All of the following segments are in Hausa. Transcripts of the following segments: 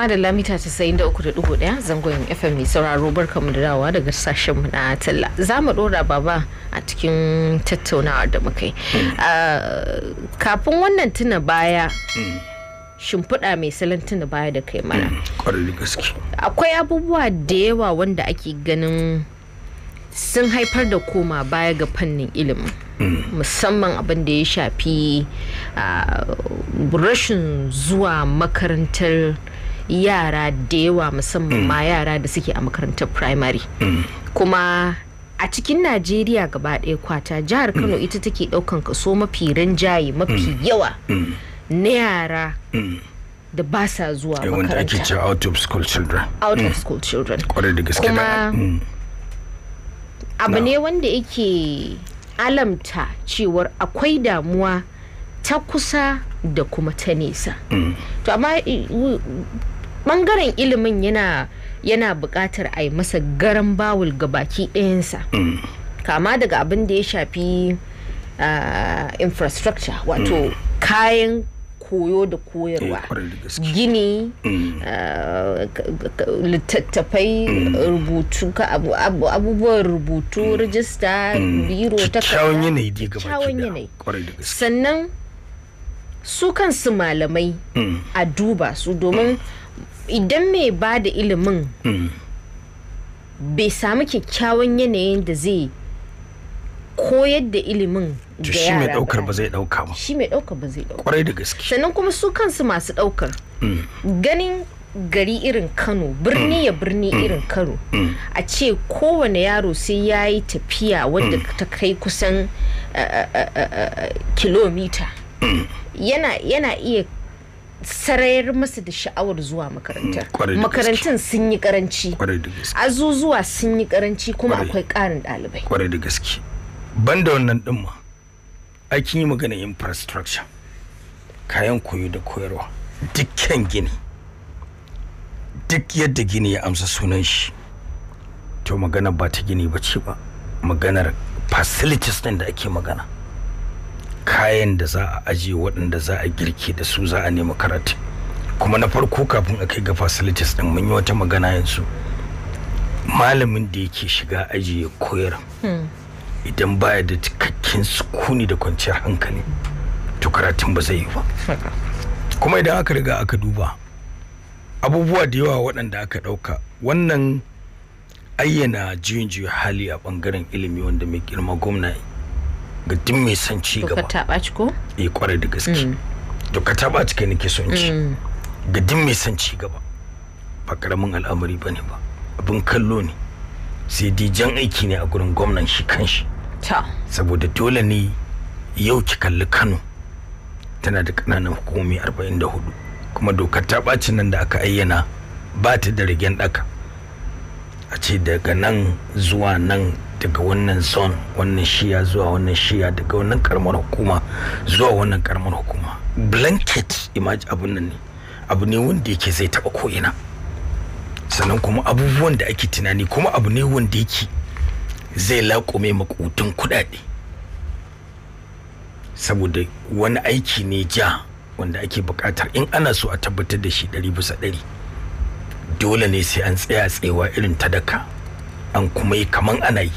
Madalla mita 93.1 zangon FM mai sauraro barkamu da dawa daga sashenmu na talla. Za mu dora baba a cikin tattaunawar da muka yi. Hmm. Ah, kafin wannan tuna baya hmm. shimfiɗa mai salon tuna baya da kai mana. Hmm, Akwai abubuwa da yawa wanda ake ganin sun haifar da koma baya ga fannin ilimi musamman abin da ya shafi ah, rashin zuwa makarantar yara da yawa musamman ma mm. yara da suke a makarantar primary mm. kuma a cikin najeriya gaba ɗaya kwata jihar kano mm. ita take ɗaukan kaso mafi rinjaye mafi yawa na yara da ba sa zuwa eh, makaranta out of school children out of school children kuma abu ne wanda yake alamta cewar akwai damuwa ta kusa da kuma ta nesa to amma eh, bangaren ilimin yana yana bukatar a yi masa garan bawul ga baki ɗayansa mm. kama daga abin da ya shafi ah, infrastructure wato mm. kayan koyo da koyarwa eh, gini mm. ah, littattafai rubutu abubuwan rubutu rijista biro ta kawo kyawun yanayi sannan su kansu malamai a duba su domin idan mai ba da ilimin hmm. bai samu kyakkyawan yanayin da zai koyar da ilimin da shi mai daukar ba zai dauka ba shi mai daukar ba zai dauka kwarai da gaske sannan kuma su kansu masu daukar hmm. ganin gari irin kano birni hmm. ya birni irin kano a ce kowane yaro sai ya yi tafiya wadda ta kai kusan eh, eh, eh, kilomita yana iya sarayar masa da sha'awar zuwa makarantar mm, makarantun sun yi karanci azuzuwa sun yi karanci kuma akwai karin ɗalibai kwarai da gaske ban wannan ɗin ma aikin yi magana infrastructure kayan koyo da koyarwa dukkan gini duk yadda gini ya amsa sunan shi to magana ba ta gini ba ce ba maganar facilities din da ake magana kayan da za a ajiye waɗanda za a girki da su za a nemi karatu kuma na farko kafin a kai ga facilities ɗin mun yi wata magana yanzu malamin da yake shiga ajiye ya koyar hmm. idan baya da cikakken sukuni da kwanciyar hankali to karatun ba zai yi ba kuma idan aka riga aka duba abubuwa da yawa waɗanda aka ɗauka wannan ayyana juyin juyin hali a ɓangaren ilimi wanda mai girma gwamna ga duk mai son ci gaba ka taba ci ko eh kwarai da gaske mm. to ka taba ci kai nake son ci mm. ga duk mai son ci gaba ba karamin al'amari bane ba abin kallo ne sai dai jan aiki ne a gurin gwamnan shi kanshi saboda dole ne yau ki kalli Kano tana da kananan hukumomi 44 kuma dokar ta ɓacin nan da aka ayyana ba ta da rigen ɗaka a ce daga nan zuwa nan daga wannan son wannan shiya zuwa wannan shiya daga wannan karamar hukuma zuwa wannan karamar hukuma blanket imaji abun nan ne abu ne wanda yake zai taba ko'ina sannan kuma abubuwan da ake tunani kuma abu ne wanda yake zai laƙume makutun kudade saboda wani aiki ne ja wanda ake buƙatar in ana so a tabbatar da shi ɗari bisa ɗari dole ne sai an tsaya tsayawa irin ta daka an kuma yi kaman ana yi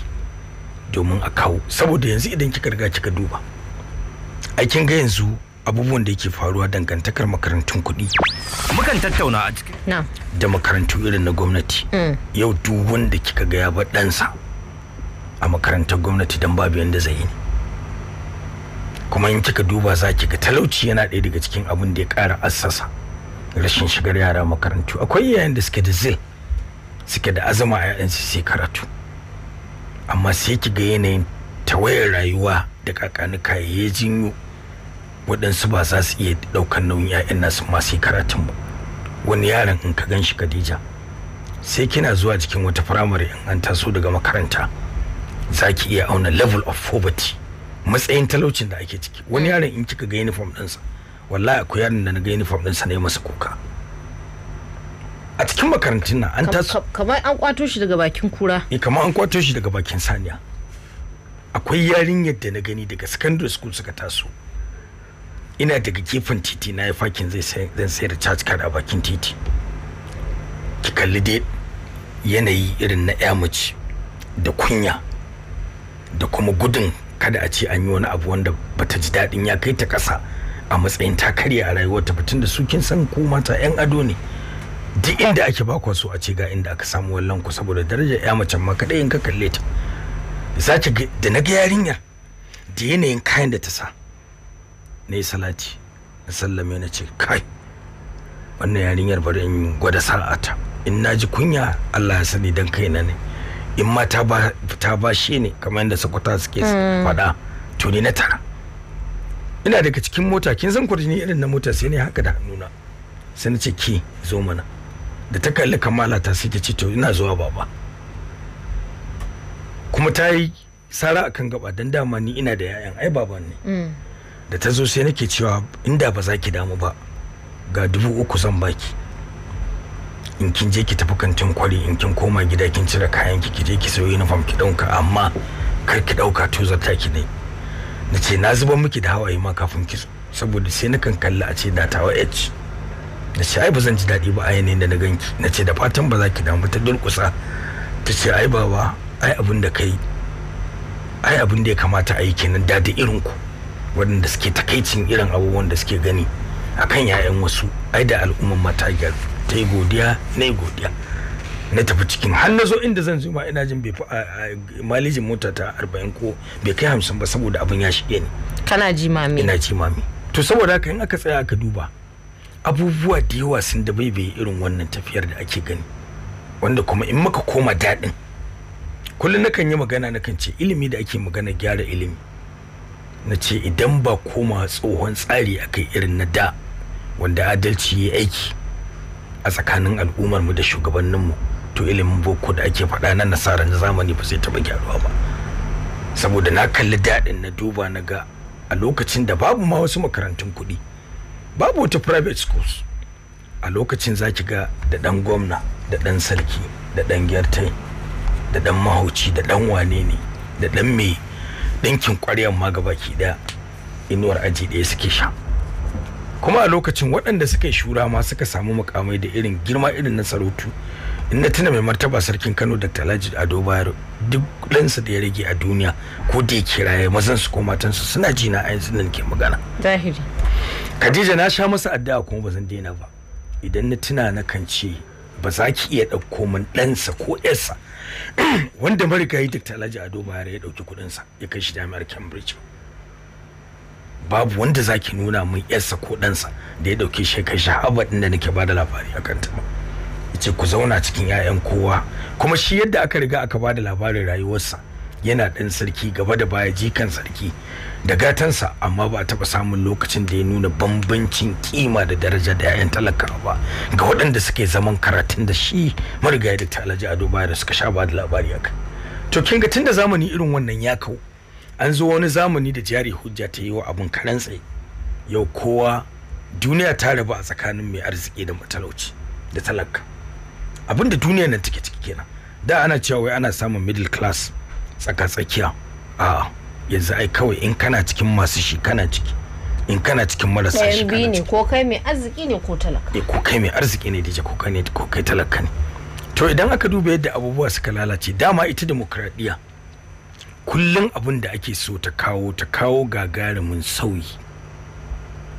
domin a kawo saboda yanzu idan kika riga kika duba aikin ga yanzu abubuwan da yake faruwa dangantakar makarantun kuɗi mukan tattauna a cikin da makarantu irin na gwamnati mm. yau duk wanda kika ga ya bar ɗansa a makarantar gwamnati dan babu yanda zai yi kuma in kika duba za ki ga talauci yana ɗaya daga cikin abun da ya ƙara assasa rashin shigar yara makarantu akwai yayin da suke da zil suke da azama a 'ya'yansu sai karatu amma sai ki ga yanayin tawayar rayuwa da kakanuka ya jinyo waɗansu ba za su iya ɗaukan nauyin 'ya'yan nasu ma sai karatun ba wani yaron in ka gan shi Khadija sai kina zuwa cikin wata firamare in an taso daga makaranta za ki iya auna level of poverty matsayin talaucin da ake ciki wani yaron in kika ga uniform ɗinsa wallahi akwai yaron da na ga uniform ɗinsa ne masa kuka a cikin makarantun nan an taso kamar an kwato shi daga bakin kura eh kamar an kwato shi daga bakin saniya akwai yarinyar da na gani daga secondary school suka taso ina daga gefen titi na yi fakin zai zan sayar da charge card a bakin titi ki kalli dai yanayi irin na ya da kunya da kuma gudun kada a ce an yi wani abu wanda bata ji dadin ya kai ta kasa a matsayin takarya a rayuwarta batun da su kin san ko mata 'yan ado ne duk inda ake bakon so a ce ga inda aka samu wallan ku saboda darajar ya mace ma kadai in ka kalle ta sace da na ga yarinyar da yanayin kayan da ta sa na yi salati na sallame na ce kai wannan yarinyar bari in gwada sara'ata in na ji kunya Allah ya sani dan kaina ne in ma ta ba ta ba shi ne kamar yadda sakwata suke hmm. faɗa to ni na tara ina daga cikin mota kin san kurjini irin na mota sai ne haka da hannuna sai na ce ki zo mana da ta kalli kamala ta sai ta ce to ina zuwa baba kuma ta yi sara akan gaba don dama ni ina da yayan ai baba ne mm. da ta zo sai nake cewa inda ba za ki damu ba ga dubu uku zan baki in kin je ki tafi kantin kwari in kin koma gida kin cire kayan ki je ki sayo uniform ki dauka amma kar ki dauka tozar ta ki ne na ce na zuba miki da hawaye ma kafin ki saboda sai nakan kalli a ce da tawa h na ce ai ba zan ji daɗi ba a yanayin da na ganki na ce da fatan ba za ki damu ta durkusa ta ce ai baba ai abin da kai ai abin da ya kamata a yi kenan da da irin ku waɗanda suke takaicin irin abubuwan da suke gani a kan yayan wasu ai da al'umman mata ta yi godiya na yi godiya na tafi cikin har na zo inda zan zo ma ina jin bai fi malijin mota ta arba'in ko bai kai hamsin ba saboda abin ya shige ni kana ji mami ina ji mami to saboda haka in aka tsaya aka duba abubuwa da yawa sun da bai irin wannan tafiyar da ake gani wanda kuma in muka koma daɗin kullum nakan yi magana nakan ce ilimi da ake magana gyara ilimi na ce idan ba koma tsohon tsari akai irin na da wanda adalci ya aiki a tsakanin al'ummarmu da shugabanninmu to ilimin boko da ake faɗa na nasara na zamani ba zai taɓa gyaruwa ba saboda na kalli daɗin na duba na ga a lokacin da babu ma wasu makarantun kuɗi babu wata private schools a lokacin za ki ga da ɗan gwamna da ɗan sarki da ɗan gyartai da ɗan mahauci da ɗan wane ne da ɗan mai ɗinkin ƙwaryan ma gabaki ɗaya inuwar aji ɗaya suke sha kuma a lokacin waɗanda suka yi shura ma suka samu mukamai da irin girma irin na sarautu in na tuna mai martaba sarkin kano da talaji ado bayero duk ɗansa da ya rage a duniya ko da ya kiraye mazan su ko matansu suna jina a yanzu nan ke magana zahiri Khadija na sha masa addu'a kuma ba zan daina ba idan na tuna na kan ce ba za ki iya ɗauko min ɗansa ko ƴarsa wanda yi Dr. Alhaji Ado Bayar ya ɗauki sa ya kai shi jami'ar Cambridge babu wanda za ki nuna min ƴarsa ko ɗansa da ya ɗauke shi kai shi Harvard da nake ba da labari a kanta ba ce ku zauna cikin 'ya'yan kowa kuma shi yadda aka riga aka ba da labarin rayuwarsa yana ɗan sarki gaba da baya jikan sarki da gatansa amma ba taɓa samun lokacin da ya nuna bambancin kima da daraja da 'ya'yan talakawa ba ga waɗanda suke zaman karatun da shi marigaya da talaji ado dubai da suka sha ba da labari haka to kin ga tunda zamani irin wannan ya kawo an zo wani zamani da jari hujja ta yi wa abin karan tsaye yau kowa duniya ta rabu a tsakanin mai arziki da matalauci da talaka abin da duniya nan take ciki kenan da ana cewa wai ana samun middle class tsaka tsakiya a'a yanzu ai kawai in kana cikin masu shi kana ciki in kana cikin marasa shi kana ne ko kai mai arziki ne ko talaka eh, ko kai mai arziki ne dija ko kai ne ko kai talaka ne to idan aka duba yadda abubuwa suka lalace dama ita demokradiya kullum abin da ake so ta kawo ta kawo gagarumin sauyi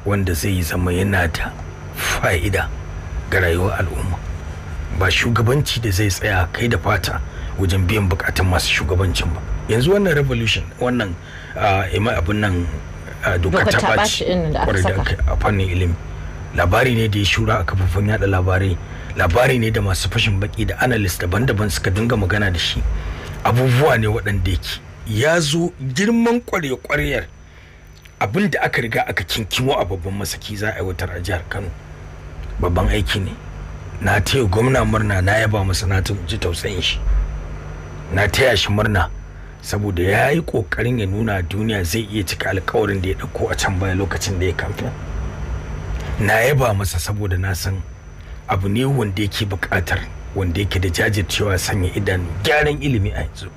wanda zai zama yana da fa'ida ga rayuwar al'umma ba shugabanci da zai tsaya kai da fata wajen biyan bukatun masu shugabancin ba yanzu wannan revolution wannan ima abin nan dokar ta ɓaci kwarai da a fannin ilimi labari ne da ya shura a kafofin yada labarai labari ne da masu fashin baki da analyst daban-daban suka dinga magana da shi abubuwa ne waɗanda yake ya zo girman kware-kwaryar abin da aka riga aka kinkimo a babban masaki za a aiwatar a jihar kano babban aiki ne na taya gwamna murna na yaba masana ta ji tausayin shi na taya shi murna saboda ya yi ƙoƙarin ya nuna duniya zai iya cika alkawarin da ya ɗauko a can baya lokacin da ya kamfe na yaba masa saboda na san abu ne wanda yake buƙatar wanda yake da jajircewa sanya idanu gyaran ilimi a yanzu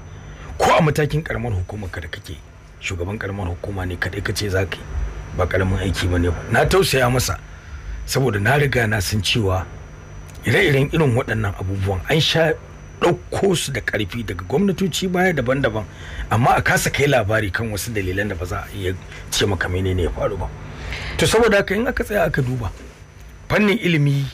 ko a matakin karamar hukumar ka da kake shugaban karamar hukuma ne kadai ka ce za ka yi ba karamin aiki ba ne ba na tausaya masa saboda na riga na san cewa ire-iren irin waɗannan abubuwan an sha ɗauko su da ƙarfi daga gwamnatoci baya daban-daban amma a kasa kai labari kan wasu dalilan da ba za a iya ce maka menene ya faru ba to saboda haka in aka tsaya aka duba fannin ilimi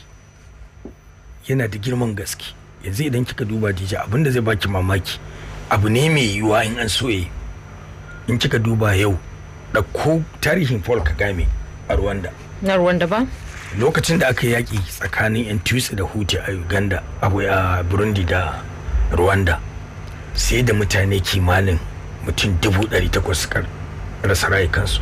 yana da girman gaske yanzu idan kika duba dija abin da zai baki mamaki abu ne mai yiwuwa in an so in kika duba yau ɗauko tarihin folk game a rwanda na rwanda ba lokacin da aka yaƙi tsakanin 'yan tutsi da huti a uganda a burundi da rwanda sai da mutane kimanin mutum 800 takwas rasa rayukansu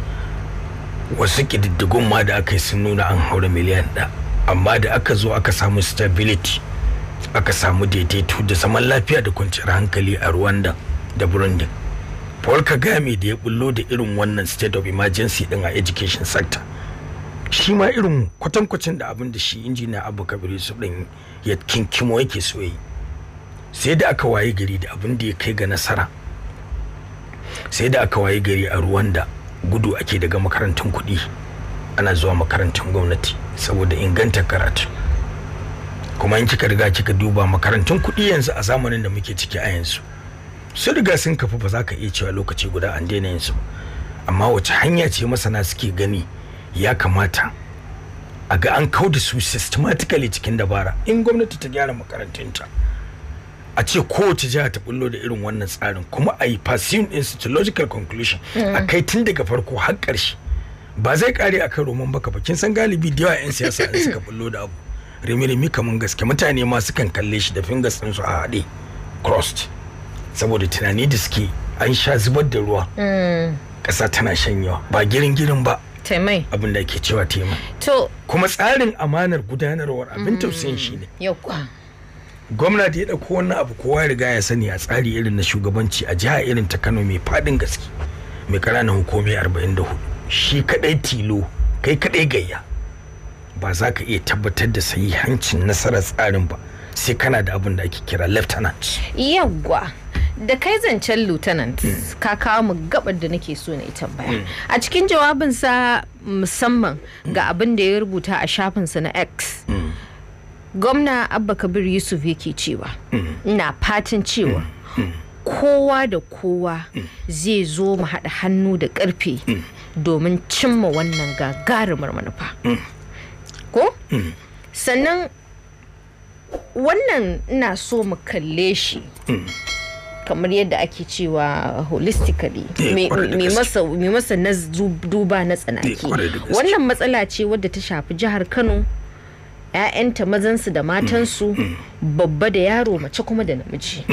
wasu ƙididdigun ma da aka yi sun nuna an haura miliyan ɗaya amma da aka zo aka samu stability aka samu daidaito da zaman lafiya da kwanciyar hankali a rwanda da burundi paul kagame da ya bullo da irin wannan state of emergency din a education sector shi ma irin kwatankwacin da abin da shi injina abu kabiru su ɗin ya kinkimo yake so sai da aka waye gari da abin da ya kai ga nasara sai da aka waye gari a ruwan da gudu ake daga makarantun kuɗi ana zuwa makarantun gwamnati saboda inganta karatu kuma in kika riga kika duba makarantun kuɗi yanzu a zamanin da muke ciki a yanzu su riga sun kafa ba za ka iya cewa lokaci guda an daina yin su amma wace hanya ce masana suke gani ya kamata a ga an kau da su systematically cikin dabara in gwamnati ta gyara makarantunta a ce kowace jiha ta bullo da irin wannan tsarin kuma a yi pursuing institutional conclusion a mm. kai tun daga farko har ƙarshe ba zai kare a kan roman baka ba kin san galibi da yawa 'yan siyasa in suka bullo da abu rimi-rimi kamar gaske mutane ma sukan kalle shi da fingers ɗin su a haɗe crossed saboda tunani da suke an sha zubar da ruwa mm. ƙasa tana shanyewa ba girin-girin ba taimai abin da ke cewa taimai to kuma tsarin amanar gudanarwar abin tausayin shi ne mm, gwamnati ya ɗauko wannan abu kowa ya riga ya sani a tsari irin na shugabanci a jiha irin ta kano mai faɗin gaske mai ƙananan hukumai hudu. shi kaɗai tilo kai kaɗai gayya ba za ka iya tabbatar da sahihancin nasarar tsarin ba sai kana da abin da ake kira lieutenant yawwa da kai zancen lieutenant hmm. ka kawo mu gabar da nake so na ita baya hmm. a cikin jawabinsa musamman hmm. ga abin da ya rubuta a shafinsa na x gwamna abba kabir yusuf yake cewa ina fatan cewa kowa da kowa zai zo mu haɗa hannu da ƙarfe domin cimma wannan gagarumar manufa ko sannan wannan ina so mu kalle shi mm. kamar yadda ake cewa holistically eh, mai masa na duba na tsanaki eh, wannan matsala ce wadda ta shafi jihar kano 'ya'yanta mazansu da matansu mm, mm. babba da yaro mace kuma da namiji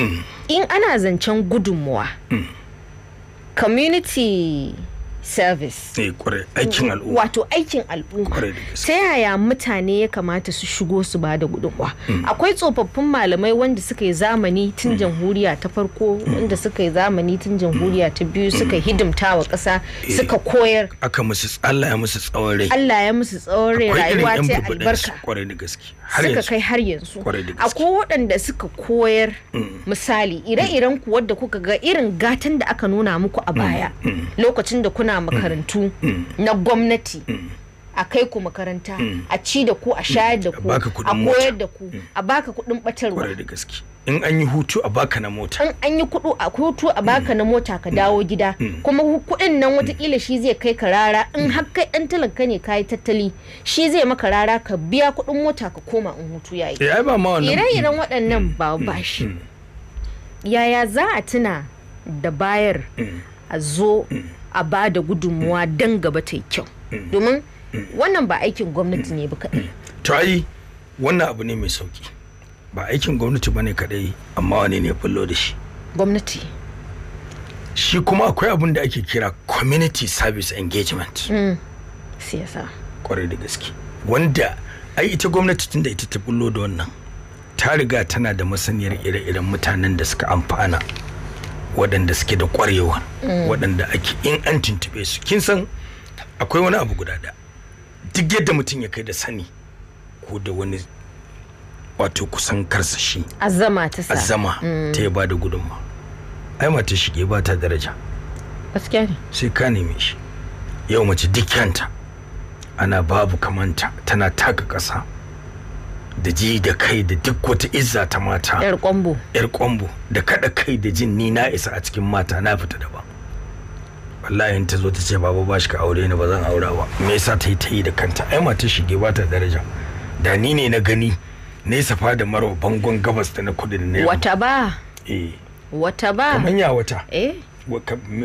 in ana zancen gudunmuwa community service eh, aikin mm-hmm. al'umma wato aikin al'umma ta yaya mutane ya kamata su shigo su ba da gudunwa mm. akwai tsofaffin malamai wanda suka yi zamani tun mm. jamhuriya ta farko mm. wanda suka yi zamani tun jamhuriya ta biyu suka hidimta wa eh. suka koyar aka musu Allah ya musu tsawon rai Allah ya musu tsawon rai rayuwa ta albarka suka kai har yanzu akwai waɗanda suka koyar mm. misali ire-iren ku wadda kuka ga irin gatan da aka nuna muku a mm. baya mm. lokacin da kuna makarantu na gwamnati a kai ku makaranta a ci da ku a shayar da ku a koyar da ku a baka kuɗin ɓatarwa in an yi hutu a baka na mota in an yi kudu a hutu a baka na mota ka dawo mm. gida mm. kuma kuɗin nan mm. watakila shi zai kai ka rara in har kai dan talaka ne kayi tattali shi zai maka rara ka biya kuɗin mota ka koma in hutu yayi eh ba ma wannan ire-iren waɗannan ba ba shi. yaya za a tuna da bayar a zo a ba da gudunmuwa dan gaba ta kyau domin wannan ba aikin gwamnati ne ba kaɗai to ai wannan abu ne mai sauki ba aikin gwamnati bane kadai amma wani ne fullo da shi gwamnati shi kuma akwai abin da ake kira community service engagement mm. siyasa kwarai da gaske wanda ai ita gwamnati tun da ita ta bullo da wannan ta riga tana da masaniyar ire-iren mutanen da suka amfana waɗanda suke da kwarewa mm. waɗanda ake in an tuntube su kin san akwai wani abu guda da duk yadda mutum ya kai da sani ko da wani wato kusan shi. azama ta sa azama mm. ta ya bada gudunma ai mata shige ba ta daraja gaskiya ne sai ka neme shi yau mace ta. ana babu kamanta tana taka ƙasa da ji da kai da duk wata izza ta mata yar kwambo yar kwambo da kada kai da jin ni na isa a cikin mata na fita daban wallahi in ta zo ta ce baba ba shi ka aure ni ba zan aura ba me yasa ta yi ta yi da kanta ai mata shige ba ta daraja da ni ne na gani nesa fa da marwa bangon gabas da na kudin ne wata ba eh wata ba kamar ya wata eh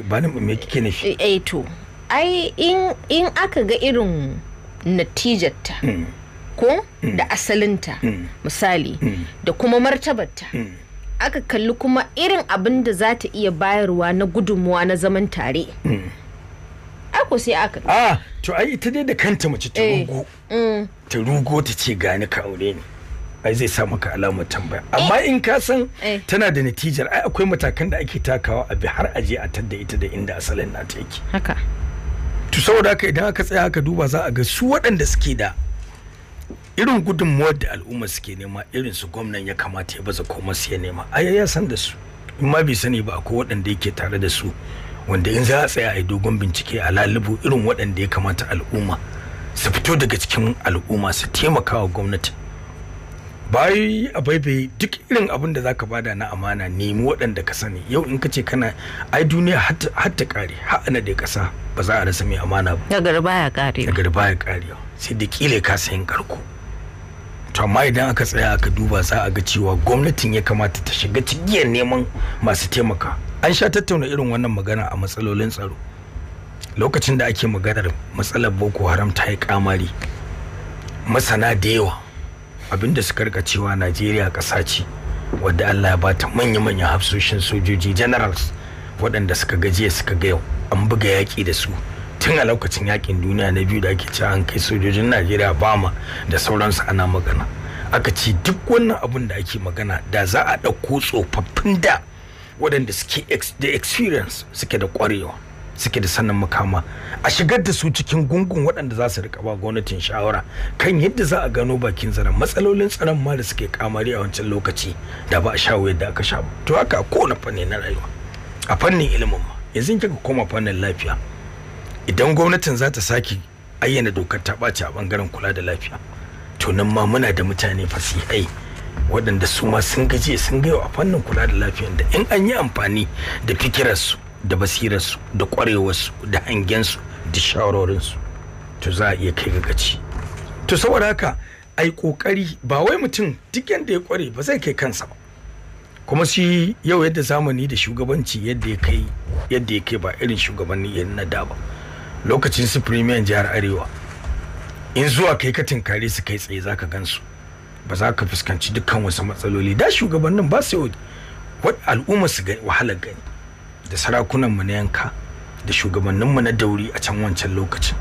ba ni me kike nufi eh, eh to ai in in aka ga irin natijarta mm. ko mm. da asalinta mm. misali da kuma martabarta aka kalli kuma irin abin da za ta iya bayarwa na gudunmuwa na zaman tare ako sai aka ah to ai ita dai da kanta mace ta eh. rugo ta rugo ta ce gani ka aure ni ai zai sa maka alamar tambaya eh. amma in ka san eh. tana da natijar ai akwai matakan da ake takawa a bi har aje a tadda ita da inda asalin na ta yake haka to saboda haka idan aka tsaya aka duba za a ga su waɗanda suke da irin gudunmuwar da al'umma suke nema irin su gwamnan ya kamata ya baza koma su ya nema ai ya san da su in ma bai sani ba ko waɗanda yake tare da su wanda in za a tsaya a yi dogon bincike a lalubu irin waɗanda ya kamata al'umma su fito daga cikin al'umma su taimakawa gwamnati bayi a baibaye duk irin abin da zaka bada na amana nemi waɗanda ka sani yau in ka ce kana ai duniya har ta kare har ana da ƙasa ba za a rasa mai amana ba daga baya kare ba baya kare sai da kile ka sayin karko to amma idan aka tsaya aka duba za a ga cewa gwamnatin ya kamata ta shiga cigiyar neman masu taimaka an sha tattauna irin wannan magana a matsalolin tsaro lokacin da ake maganar matsalar boko haram ta yi kamari masana da yawa abinda suka rika cewa najeriya ƙasa ce wadda allah ya bata manya-manyan hafsoshin sojoji generals waɗanda suka jiya suka ga yau an buga yaƙi da su tun a lokacin yaƙin duniya na biyu da ake ci an kai sojojin najeriya bama da sauransu ana magana aka ce duk wannan abin da ake magana da za a ɗauko tsofaffin da waɗanda suke da experience suke da ƙwarewa suke da sannan makama a shigar da su cikin gungun waɗanda za su rika ba gwamnatin shawara kan yadda za a gano bakin zaren matsalolin tsaron ma da suke kamari a wancan lokaci da ba a shawo yadda aka sha ba to haka ko na fanni na rayuwa a fannin ilimin ma yanzu kika koma fannin lafiya idan gwamnatin za ta sake ayyana dokar ta ɓaci a bangaren kula da lafiya to nan ma muna da mutane fasihai waɗanda su ma sun gaje sun gaiwa a fannin kula da lafiya da in an yi amfani da fikirarsu da basirarsu da kwarewarsu da hangensu da shawarorinsu to za a iya kai ga gaci to saboda haka ai kokari ba wai mutum duk yadda ya kware ba zai kai kansa ba kuma shi yau yadda zamani da shugabanci yadda ya kai yadda ya kai ba irin shugabanni yan na da ba lokacin su premier jihar arewa in zuwa kai ka tinkare su kai tsaye zaka gansu ba za ka fuskanci dukkan wasu matsaloli da shugabannin ba su yau al'umma su wahalar gani da sarakunanmu na yanka da shugabanninmu na dauri a can wancan lokacin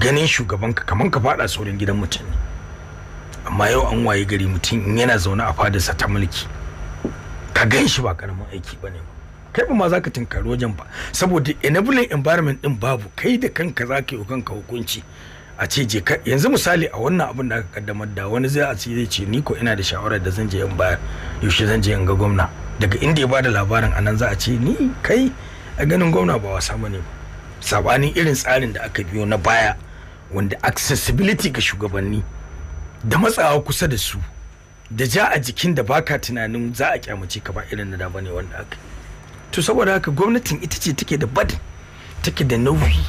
ganin shugabanka kamar ka faɗa saurin gidan mutum ne amma yau an waye gari mutum in yana zaune a fadarsa ta mulki ka ganshi shi ba karamin aiki ba ne kai ba ma za ka tinkari wajen ba saboda enabling environment din babu kai da kanka za ka yi kanka hukunci a ce je ka yanzu misali a wannan abin da aka kaddamar da wani zai a ce zai ce ni ko ina da shawarar da zan je in bayar yaushe zan je in ga gwamna daga inda ya bada labarin a nan za a ce ni kai a ganin gwamna ba wasa bane ba sabanin irin tsarin da aka biyo na baya wanda accessibility ga shugabanni da matsawa kusa da su da ja a jikin da baka tunanin za a kyamace ka ba irin da bane wanda aka to saboda haka gwamnatin ita ce take da bad take da nauyi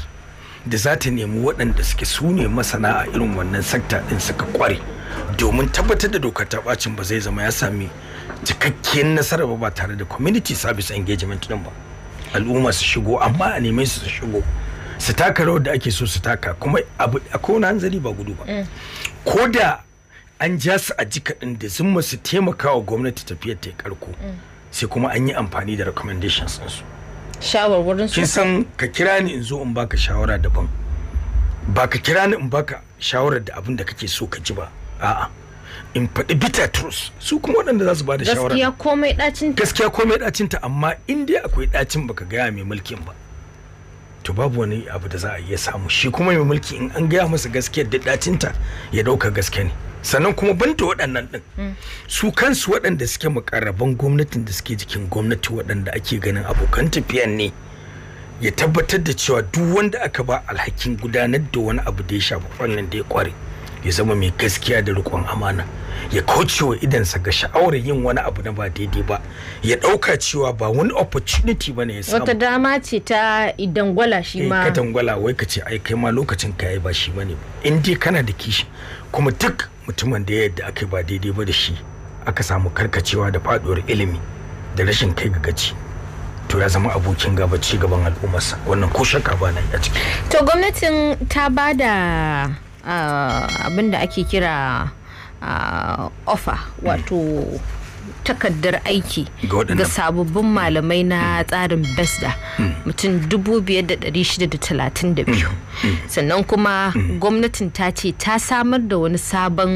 da za ta nemi waɗanda suke su ne masana a irin wannan sakta ɗin suka kware domin tabbatar da dokar ta bacin ba zai zama ya sami cikakkiyar nasarar ba ba tare da community service engagement din ba al'umma su shigo amma a neme su su shigo su taka rawar da ake so su taka kuma abu a kowane hanzari ba gudu ba mm. ko da an ja su a jika din da zumma su taimaka wa gwamnati tafiyar ta karko mm. sai kuma an yi amfani da recommendations din su shawarwarin su kin san ka kira ni in zo in baka shawara daban ba ka kira ni in baka shawarar da abin da kake so ka ji ba a'a in faɗi bitter truth su kuma waɗanda za su ba da shawara gaskiya komai ɗacin ta gaskiya komai ɗacin ta amma in dai akwai ɗacin baka gaya mai mulkin ba to babu wani abu da za a iya samu shi kuma mai mulki in an gaya masa gaskiyar da ɗacin ta ya ɗauka gaske ne sannan kuma banta waɗannan ɗin hmm. su kansu waɗanda suke makarraban gwamnatin da suke jikin gwamnati waɗanda ake ganin abokan tafiyan ne ya tabbatar da cewa duk wanda aka ba alhakin gudanar da wani abu da ya shafi wannan da ya kware ya zama mai gaskiya da rikon amana ya kaucewa idansa ga sha'awar yin wani abu na ba daidai ba ya dauka cewa ba wani opportunity ba ya samu wata dama ce ta idangwala shi eh, ma ka dangwala wai ka ce ai kai ma lokacin ka yi ba shi bane in dai kana da kishi kuma duk mutumin da ya yadda aka ba daidai ba da shi aka samu karkacewa da faduwar ilimi da rashin kai ga gaci to ya zama abokin gaba ci gaban al'ummarsa wannan ko shakka ba nan a ciki to gwamnatin ta bada Ah, abin da ake kira ah, offer wato takardar aiki ga sababbin malamai na tsarin besda hmm. mutum 2,632 hmm. hmm. sannan kuma gwamnatin ta ce ta samar da wani sabon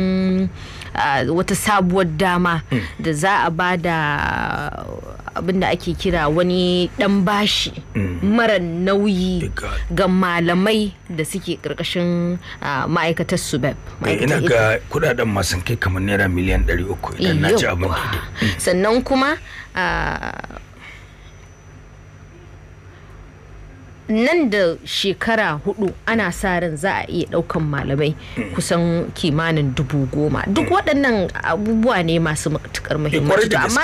Uh, wata sabuwar dama hmm. da za a ba da abin da ake kira wani dan bashi hmm. mara nauyi ga malamai da suke karkashin uh, ma'aikatar su subeb ina ga kudaden masu kai kamar naira miliyan 300 idan na ji abin hmm. sannan kuma uh, nan da shekara hudu ana sa ran za a iya daukan malamai kusan kimanin dubu goma duk waɗannan abubuwa ne masu matukar eh, muhimmanci amma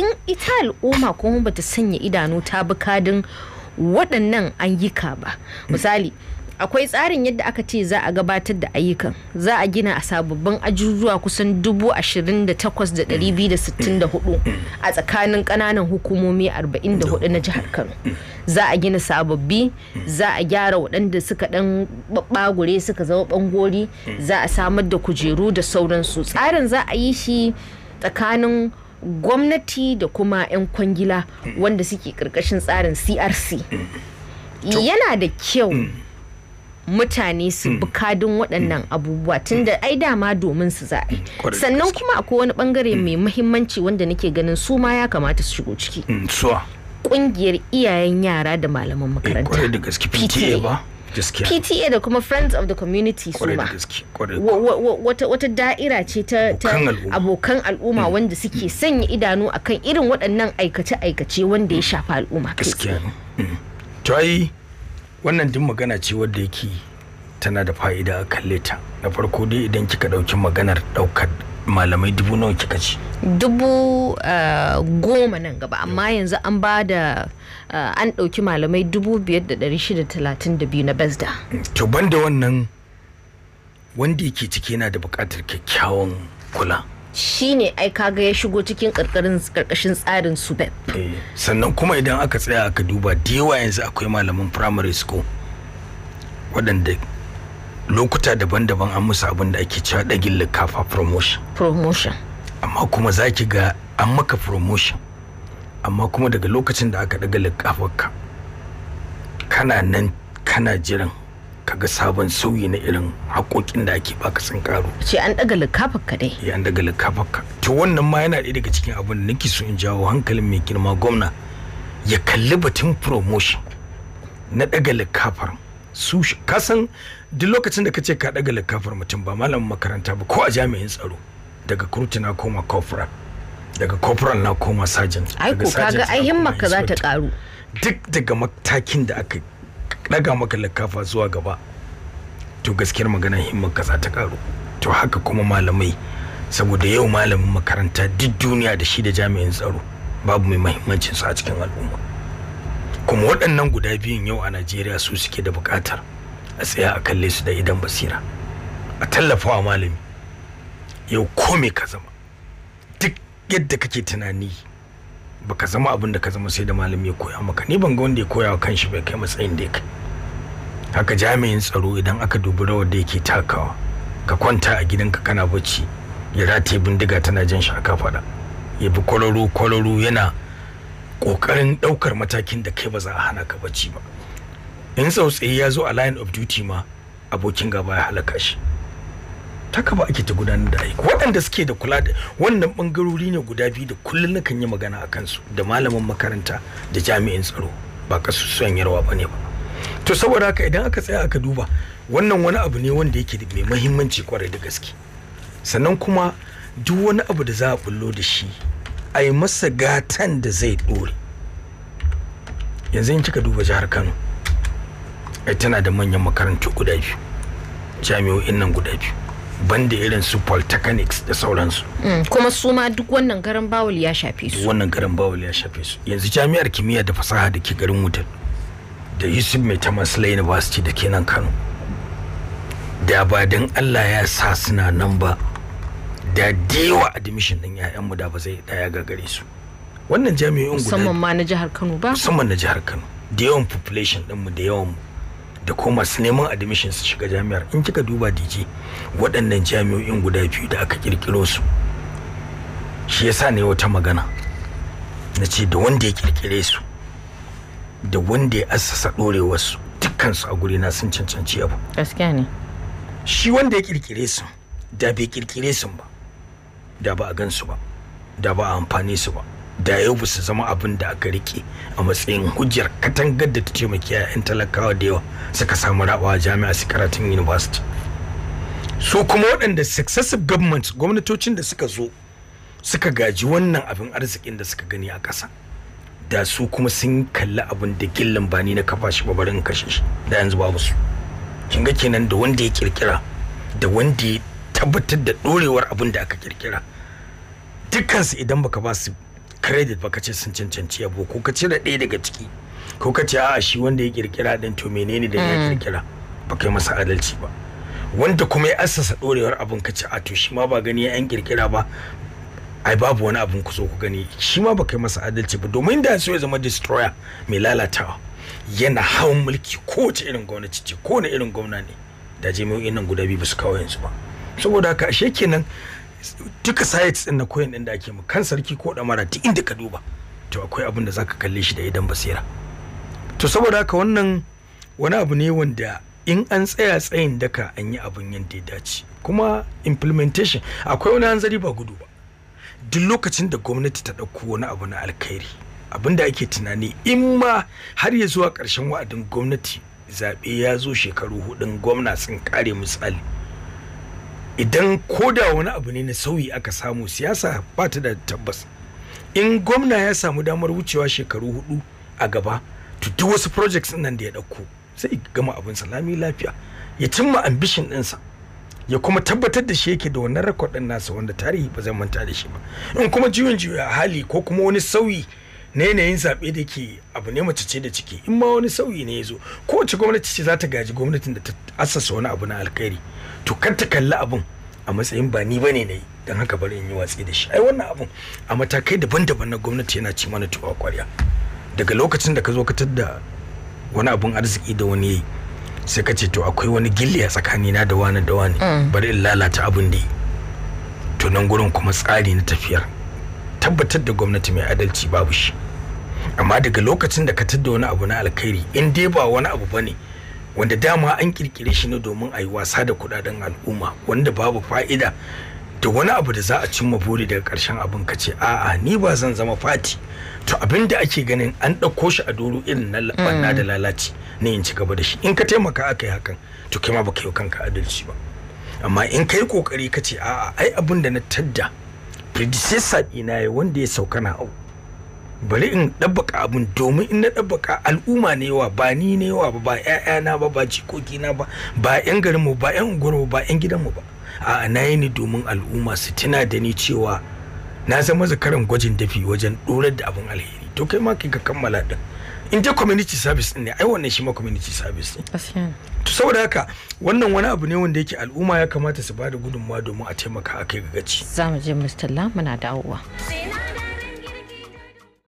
in ita al'umma kuma bata sanya idanu ta bi waɗannan an ba misali akwai tsarin yadda aka ce za a gabatar da ayyukan za a gina a sababbin ajujuwa kusan 28,264 a tsakanin kananan hukumomi 44 na jihar kano za a gina sababbi za a gyara waɗanda suka ɗan ɓagure suka zama ɓangori za a samar da kujeru da sauransu tsarin za a yi shi tsakanin gwamnati da kuma 'yan kwangila wanda suke ƙarƙashin tsarin crc yana da kyau mm. mutane su bi hmm. kadin waɗannan hmm. abubuwa tunda hmm. ai dama domin su za sannan kuma akwai wani bangare mai muhimmanci wanda nake ganin su ma ya kamata su shigo ciki kungiyar iyayen yara da malaman eh, makaranta PTA PTA da kuma Friends of the Community su ma wata da'ira ce ta abokan al'umma wanda suke sanya idanu akan irin waɗannan aikace-aikace wanda ya shafa al'umma kai wannan duk magana ce wadda yake tana da fa'ida a kalle ta na farko dai idan kika ɗauki maganar ɗaukar malamai dubu nawa kika ci dubu eh, goma nan gaba amma yanzu an ba da eh, an ɗauki malamai dubu biyar da ɗari shida talatin da biyu na bazda to banda wannan wanda yake ciki yana da buƙatar kyakkyawan kula shine ai kaga ya shigo cikin karkashin tsarin bep eh, sannan kuma idan aka tsaya aka duba da yanzu akwai malaman primary school waɗanda lokuta daban-daban an musu abin da ake cewa ɗagin likafa promotion promotion amma kuma za ki ga an maka promotion amma kuma daga lokacin da aka ɗaga likafarka kana nan kana jiran kaga sabon sauyi na irin haƙoƙin da ake baka sun karu ce an daga likafar ka dai an daga likafar ka to wannan ma yana ɗaya daga cikin abin da nake so in jawo hankalin mai girma gwamna ya kalli batun promotion na daga likafar su san duk lokacin da kace ka daga likafar mutum ba malamin makaranta ba ko a jami'in tsaro daga kurtuna koma corporal daga corporal na koma sergeant aiko kaga ai himmar ka za ta karu duk daga matakin da aka daga maka likafa zuwa gaba to gaskiyar magana himmar za ta karu to haka kuma malamai saboda yau malamin makaranta duk duniya da shi da jami'in tsaro babu mai mahimmancin su a cikin al'umma kuma waɗannan guda biyun yau a najeriya su suke da buƙatar a tsaya a kalle su da idan basira a tallafa wa malami yau ko me ka zama duk yadda kake tunani baka zama abin da ka zama sai da malami ya koya maka ni ban ga wanda ya koya wa kanshi bai kai matsayin da ya haka jami'in tsaro idan aka dubi rawar da yake takawa ka kwanta a gidanka kana bacci ya rataye bindiga tana jan shi a kafada ya bi kwararo kwararo yana kokarin daukar matakin da kai ba za a hana ka bacci ba in tsautsaye ya zo a line of duty ma abokin gaba ya halaka shi ta kaba ake ta gudanar da aiki waɗanda suke da kula da wannan bangarori ne guda biyu da kullum na kan yi magana a kansu da malamin makaranta da jami'in tsaro ba son yarwa ba ne ba to saboda haka idan aka tsaya aka duba wannan wani abu ne wanda yake da mai mahimmanci kwarai da gaske sannan kuma duk wani abu da za a bullo da shi a yi masa gatan da zai ɗore yanzu in cika duba jihar kano ai tana da manyan makarantu guda biyu jami'o'in nan guda biyu banda irin su polytechnics da sauransu mm, kuma su ma duk wannan garin bawul ya shafe su wannan garin bawul ya shafe su yanzu jami'ar kimiyya da fasaha da ke garin wutar da yusuf mai ta tamasila university da kenan kano da ba don allah ya sa suna nan ba da dewa admission din yayanmu da ba zai daya gagare su wannan jami'in guda musamman ma na jihar kano ba musamman na jihar kano da yawan population dinmu da yawan da kuma masu neman admission su shiga jami'ar in kika duba DJ waɗannan jami'o'in guda biyu da aka kirkiro su shi yasa ne wata magana na ce da wanda ya kirkire su da wanda ya assasa ɗorewarsu dukkansu a guri na sun cancanci abu gaskiya ne shi wanda ya kirkire su da bai kirkire su ba da ba a gansu ba da ba a amfani su ba da ya basu su zama abin da aka rike a matsayin hujjar katangar da ta taimaki 'ya'yan talakawa da yawa suka samu rabawa jami'a su karatun university su kuma waɗanda successive government gwamnatocin da suka zo suka gaji wannan abin arzikin da suka gani a ƙasa da su kuma sun kalli abin da gillan bani na kafa shi babarin kashe shi da yanzu babu su kin ga kenan da wanda ya kirkira da wanda ya tabbatar da ɗorewar abin da aka kirkira dukkansu idan baka ba su credit ba ka ce sun cancanci yabo ko ka cire ɗaya daga ciki ko ka ce a'a shi wanda ya kirkira din to menene da ya kirkira mm. ba kai masa adalci ba wanda kuma ya assasa dorewar abin ka ce a to shi ma ba gani ya yan kirkira ba ai babu wani abin ku so ku gani shi ma ba kai masa adalci ba domin da so ya zama destroyer mai lalatawa yana hawan mulki kowace irin gwamnati ce kowane irin gwamna ne da jami'o'in nan guda biyu ba su kawo yanzu ba saboda haka ashe kenan duka sites din na koyan din da ake mu kan sarki ko mara duk inda ka duba to akwai abin da zaka kalle shi da idan basira to saboda haka wannan wani abu ne wanda in an tsaya tsayin daka an yi abun yadda ya dace kuma implementation akwai wani hanzari ba gudu ba duk lokacin da gwamnati ta ɗauko wani abu na alkhairi abin da ake tunani in ma har ya zuwa karshen wa'adin gwamnati zaɓe ya zo shekaru hudun gwamna sun kare misali idan koda wani abu ne na sauyi aka samu siyasa ba ta da tabbas in gwamna ya samu damar wucewa shekaru hudu a gaba to duk wasu projects nan da ya ɗauko sai gama abin salami lafiya ya cimma ambishin ɗinsa ya kuma tabbatar da shi yake da wannan record din nasa wanda tarihi ba zai manta da shi ba in kuma juyin juya hali ko kuma wani sauyi na yanayin zaɓe da ke abu ne mace ce da ciki in ma wani sauyi ne ya zo kowace gwamnati ce za ta gaji gwamnatin da ta assasa wani abu na alkhairi to kar ta kalli abun a matsayin ba ni bane nayi dan haka bari in yi watsi da shi ai wannan abun a matakai daban-daban na gwamnati yana ci mana tuwa kwarya daga lokacin da ka zo ka tada wani abun arziki da wani yayi sai ka ce to akwai wani gilli a tsakanina da wani da wani mm. bari in lalata abun da yi to nan gurin kuma tsari na tafiyar tabbatar da gwamnati mai adalci babu shi amma daga lokacin da ka tada wani abu na alkhairi in dai ba wani abu bane wanda dama an kirkire shi ne domin a yi wasa da kudaden al'umma wanda babu fa'ida da wani abu da za a cimma buri daga karshen abin ka ce a'a ni ba zan zama fati to abin da ake ganin an ɗauko shi a doro irin na banna mm. da lalaci ne in ci gaba da shi in ka taimaka aka yi hakan to kai ma baka yi kanka adalci ba amma in ka yi kokari ka ce a'a ai abin da na tadda predecessor ina ya wanda ya sauka na au bari in ɗabbaka abin domin in na ɗabbaka al'umma ne wa ba ni ne wa ba ƴaƴana ba ba jikokina ba ba ‘yan garinmu ba unguwar unguwarmu ba ƴan gidanmu ba a na yi ni domin al'umma su tuna da ni cewa na zama zakaran gwajin dafi wajen ɗorar da abin alheri to kai ma kai ka kammala ɗin in dai community service ne ai wannan shi ma community service ne to saboda haka wannan wani abu ne wanda yake al'umma ya kamata su ba da gudunmawa domin a taimaka a kai ga gaci za mu je mr muna dawowa